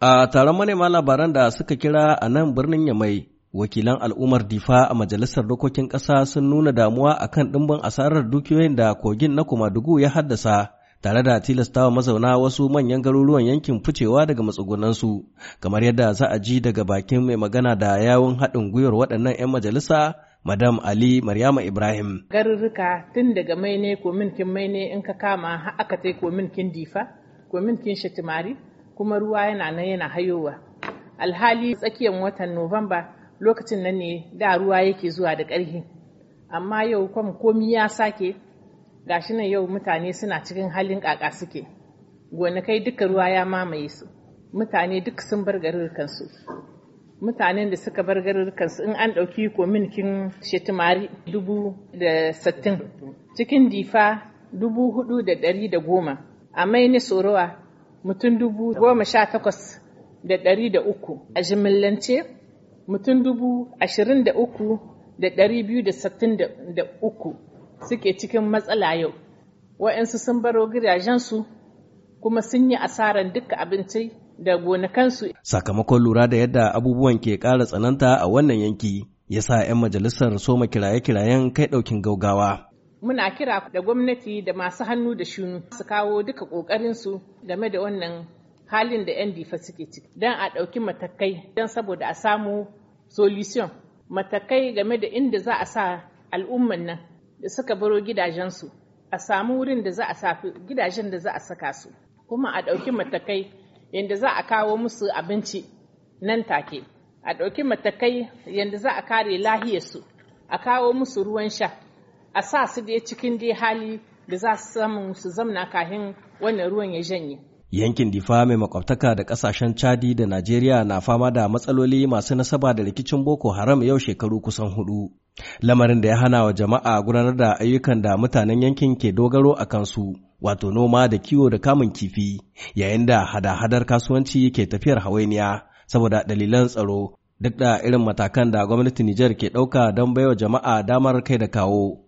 A taron manema labaran da suka kira a nan birnin Yamai, wakilan al'ummar Difa a Majalisar Dokokin Ƙasa sun nuna damuwa a kan ɗimbin asarar dukiyoyin da kogin na Kumadugu ya haddasa, tare da tilastawa mazauna wasu manyan garuruwan yankin ficewa daga matsugunansu, kamar yadda za a ji daga bakin mai magana da yawun haɗin gwiwar waɗannan 'yan majalisa Madam Ali Maryama Ibrahim. Garurruka tun daga maine kin maine in ka kama aka tai kin difa, kin shatimari, kuma ruwa yana nan yana hayowa alhali tsakiyar watan nuwamba lokacin nan ne da ruwa yake zuwa da ƙarfi amma yau kwam komi ya sake gashi nan yau mutane suna cikin halin ƙaƙa suke gonakai duka ruwa ya mamaye su mutane duk sun bar garurukansu mutanen da suka bar garurukansu in an ɗauki kominkin shetimari dubu da sattin cikin difa dubu hudu da dari da goma a maini tsorowa. mutum dubu goma sha takwas da ɗari da uku a jimillance mutum dubu ashirin da uku da ɗari biyu da sittin da uku suke cikin matsala yau wa'yansu sun baro gidajensu kuma sun yi asarar duka abinci da gonakansu. Sakamakon lura da yadda abubuwan ke ƙara tsananta a wannan yanki ya sa 'yan majalisar soma kiraye-kirayen kai ɗaukin gaugawa. muna kira da gwamnati da masu hannu da shunu su kawo duka ƙoƙarinsu game da wannan halin da 'yan difa suke ciki don a ɗauki matakai don saboda a samu solution matakai game da inda za a sa al'umman nan da suka baro gidajensu a samu wurin da za a sa gidajen da za a saka su kuma a ɗauki matakai yadda za a kawo musu abinci nan take a ɗauki matakai yadda za a kare lahiyarsu a kawo musu ruwan sha a sa su dai cikin dai hali da za su samu su zamna kahin wannan ruwan ya janye. Yankin Difa mai makwabtaka da kasashen Chadi da Najeriya na fama da matsaloli masu nasaba da rikicin Boko Haram yau shekaru kusan hudu. Lamarin da ya hana wa jama'a gudanar da ayyukan da mutanen yankin ke dogaro a kansu, wato noma da kiwo da kamun kifi, yayin da hada-hadar kasuwanci ke tafiyar hawainiya saboda dalilan tsaro duk da irin matakan da gwamnati Nijar ke ɗauka don baiwa jama'a damar kai da kawo.